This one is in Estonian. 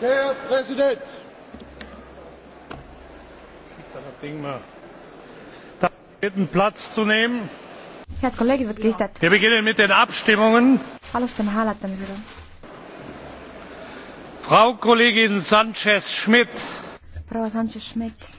Herr Präsident! Darf ich bitten, Platz zu nehmen? Head kolleegid, võtke istet. Wir beginnen mit den Abstimmungen. Alustame hääletamisega. Frau Kollegin Sanchez-Schmidt. Proua Sanchez-Schmidt.